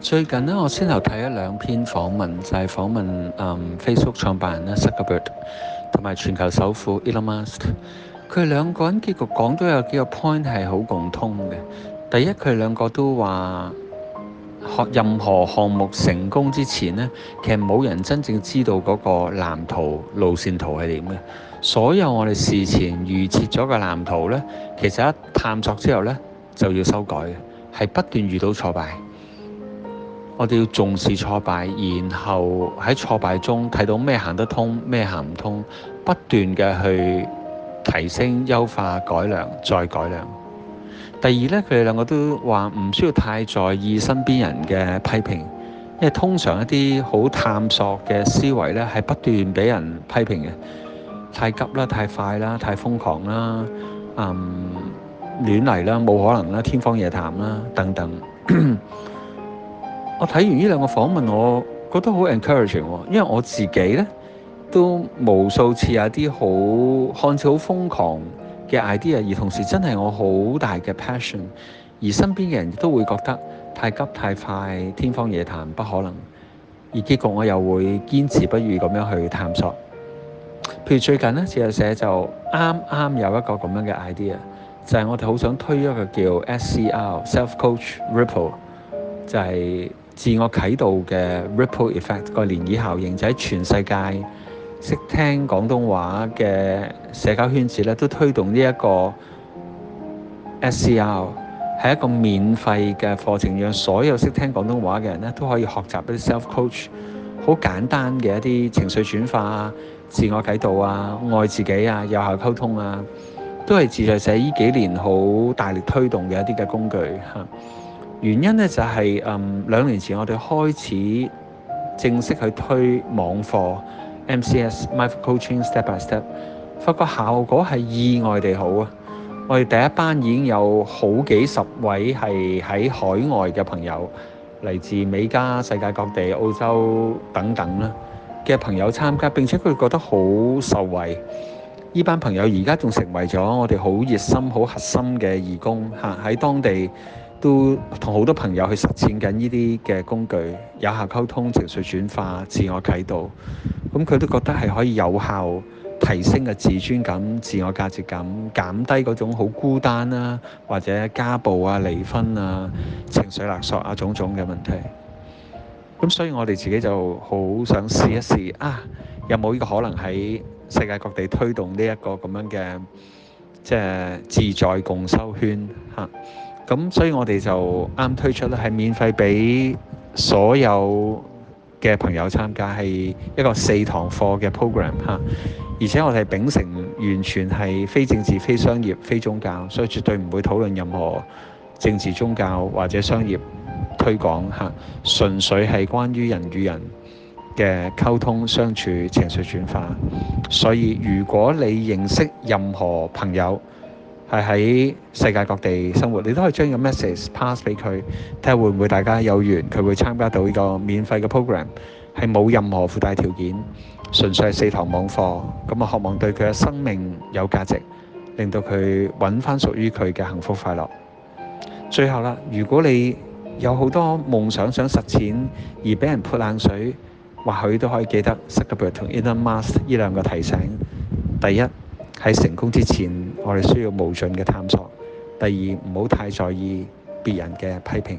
最近咧，我先頭睇咗兩篇訪問，就係、是、訪問、嗯、Facebook 創辦人咧，Zuckerberg 同埋全球首富 Elon Musk。佢兩個人結局講都有幾個 point 係好共通嘅。第一，佢哋兩個都話，學任何項目成功之前咧，其實冇人真正知道嗰個藍圖路線圖係點嘅。所有我哋事前預設咗嘅藍圖呢，其實一探索之後呢，就要修改嘅，係不斷遇到挫敗。我哋要重視挫敗，然後喺挫敗中睇到咩行得通，咩行唔通，不斷嘅去提升、優化、改良、再改良。第二呢，佢哋兩個都話唔需要太在意身邊人嘅批評，因為通常一啲好探索嘅思維呢，係不斷俾人批評嘅，太急啦、太快啦、太瘋狂啦、啊亂嚟啦、冇可能啦、天方夜譚啦等等。 我睇完呢兩個訪問，我覺得好 encouraging 喎，因為我自己呢，都無數次有啲好看似好瘋狂嘅 idea，而同時真係我好大嘅 passion，而身邊嘅人都會覺得太急、太快、天方夜譚、不可能，而結局我又會堅持不渝咁樣去探索。譬如最近呢，自在社就啱啱有一個咁樣嘅 idea，就係我哋好想推一個叫 SCR（Self Coach Ripple），就係、是。自我啟動嘅 ripple effect 個漣漪效應，就喺全世界識聽廣東話嘅社交圈子咧，都推動呢一個 SCL 係一個免費嘅課程，讓所有識聽廣東話嘅人咧都可以學習一啲 self coach，好簡單嘅一啲情緒轉化啊、自我啟動啊、愛自己啊、有效溝通啊，都係自在社呢幾年好大力推動嘅一啲嘅工具嚇。原因咧就係誒兩年前我哋開始正式去推網課 MCS Mind Coaching Step by Step，發覺效果係意外地好啊！我哋第一班已經有好幾十位係喺海外嘅朋友，嚟自美加、世界各地、澳洲等等啦嘅朋友參加，並且佢覺得好受惠。呢班朋友而家仲成為咗我哋好熱心、好核心嘅義工嚇喺當地。都同好多朋友去實踐緊呢啲嘅工具，有效溝通、情緒轉化、自我啟動。咁佢都覺得係可以有效提升嘅自尊感、自我價值感，減低嗰種好孤單啊，或者家暴啊、離婚啊、情緒勒索啊，種種嘅問題，咁所以，我哋自己就好想試一試啊，有冇呢個可能喺世界各地推動呢一個咁樣嘅即係自在共修圈吓。咁所以我哋就啱推出咧，係免費俾所有嘅朋友參加，係一個四堂課嘅 program 吓，而且我哋秉承完全係非政治、非商業、非宗教，所以絕對唔會討論任何政治、宗教或者商業推廣吓，純粹係關於人與人嘅溝通、相處、情緒轉化。所以如果你認識任何朋友，係喺世界各地生活，你都可以將個 message pass 俾佢，睇下會唔會大家有緣，佢會參加到呢個免費嘅 program，係冇任何附帶條件，純粹係四堂網課。咁啊，渴望對佢嘅生命有價值，令到佢揾翻屬於佢嘅幸福快樂。最後啦，如果你有好多夢想想實踐而俾人潑冷水，或許都可以記得 Zuckerberg 同 Elon Musk 呢兩個提醒。第一。喺成功之前，我哋需要無盡嘅探索。第二，唔好太在意別人嘅批評。